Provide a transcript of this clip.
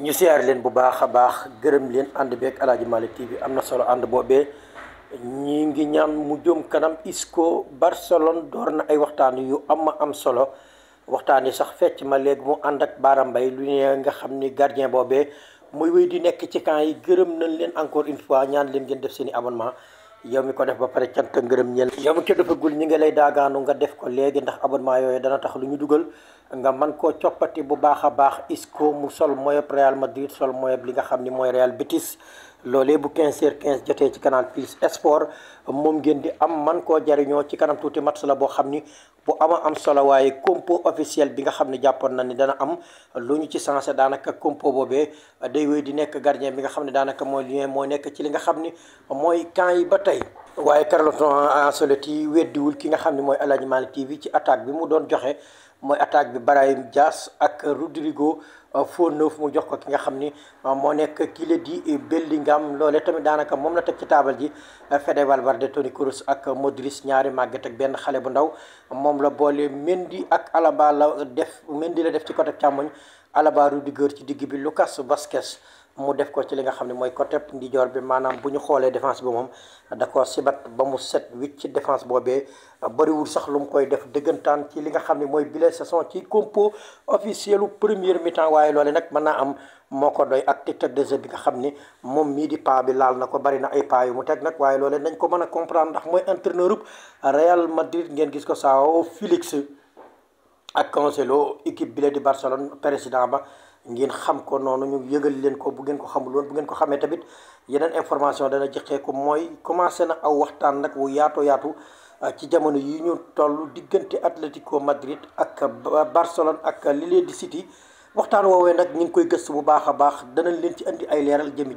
ñu siyaar leen bu baax a baax gërëm leen ànd beeg Aladji Malick TV am na solo ànd boobee ñi ngi ñaan mu jëm kanam ISCO Barcelone door na ay waxtaan yu am ma am solo waxtaan yi sax fecc ma léegi mu ànd ak Bara Mbaye lu ne nga xam ni gardien boobee muy wéy di nekk ci camp yi gërëm nañ leen encore une fois ñaan leen ngeen def seeni i yow mi ko def ba pare cant ak ngërëm ñeel yow mi ko defagul ñi ngi lay daagaanu nga def ko léegi ndax abonnement yooyu dana tax lu ñu dugal nga man koo coppati bu baax a baax Isco mu sol moyob Real Madrid sol moyob li nga xam ni mooy Real bitis loolee bu 15 heures 15 jotee ci canal plus sport moom ngeen di am man koo jariñoo ci kanam tuuti match la boo xam ni bu ama am solo waaye compo officiel bi nga xam ne jàppoon na ni dana am lu ñu ci sensé daanaka compo boobee day wéy di nekk gardien bi nga xam ne daanaka mooy lien mooy nekk ci li nga xam ni mooy camp yi ba tey waaye Carleton euh, Ancelotti weddiwul ki nga xam ne mooy Aladji Malick TV ci attaque bi mu doon joxe mooy attaque bi Brahim Diaz ak Rodrigo euh, faux neuf mu jox ko ki nga xam ni euh, moo nekk kii la di Bellingham loole tamit daanaka moom la teg ci taabal ji Fede Valverde Toni Kroos ak Modric ñaari màgget ak benn xale bu ndaw moom la boole Mendy ak Alaba la def Mendy la def ci côté càmmoñ Alaba Rudiger ci digg bi Lucas Vázquez mu def ko ci li nga xam ne mooy côté ndijoor bi maanaam bu ñu xoolee défense bi moom da ko sibat ba mu set wicc ci défense boobee bariwul sax lu mu koy def dëggantaan ci li nga xam ne mooy bile saison ci compo officielu première mi-temps waaye loole nag mën naa am moo ko doy ak tactique de jeu bi nga xam ni moom mii di paa bi laal na ko bari na ay paa yu mu teg nag waaye loole nañ ko mën a comprendre ndax mooy entraîneur Real Madrid ngeen gis ko Sao Félix ak Cancelo équipe bile di Barcelone président ba ngeen xam ko noonu ñu yëgal leen ko bu ngeen ko xamul woon bu ngeen ko xamee tamit yeneen information dana jëxee ko mooy commencé na aw waxtaan nag wu yaatoo yaatu ah, ci jamono yi ñu toll diggante Atlético Madrid ak Barcelone ak li leen di City waxtaan woowee nag ñu ngi koy gëstu bu baax a baax danañ leen ci indi ay leeral jëmi